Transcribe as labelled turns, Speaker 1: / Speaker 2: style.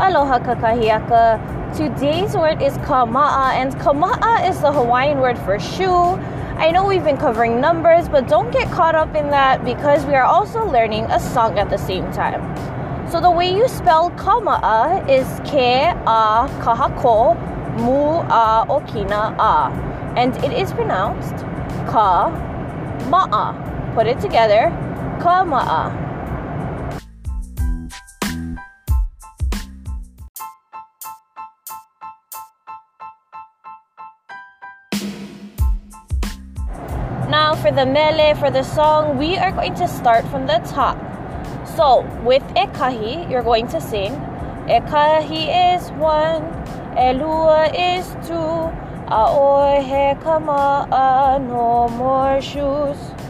Speaker 1: Aloha kakahiaka. Today's word is kama'a, and kama'a is the Hawaiian word for shoe. I know we've been covering numbers, but don't get caught up in that because we are also learning a song at the same time. So the way you spell kama'a is ke a kahako mu a okina a, and it is pronounced ka ma'a. Put it together, kama'a. for the mele, for the song, we are going to start from the top. So with ekahi, you're going to sing ekahi is one, elua is two, aohe kama'a no more shoes.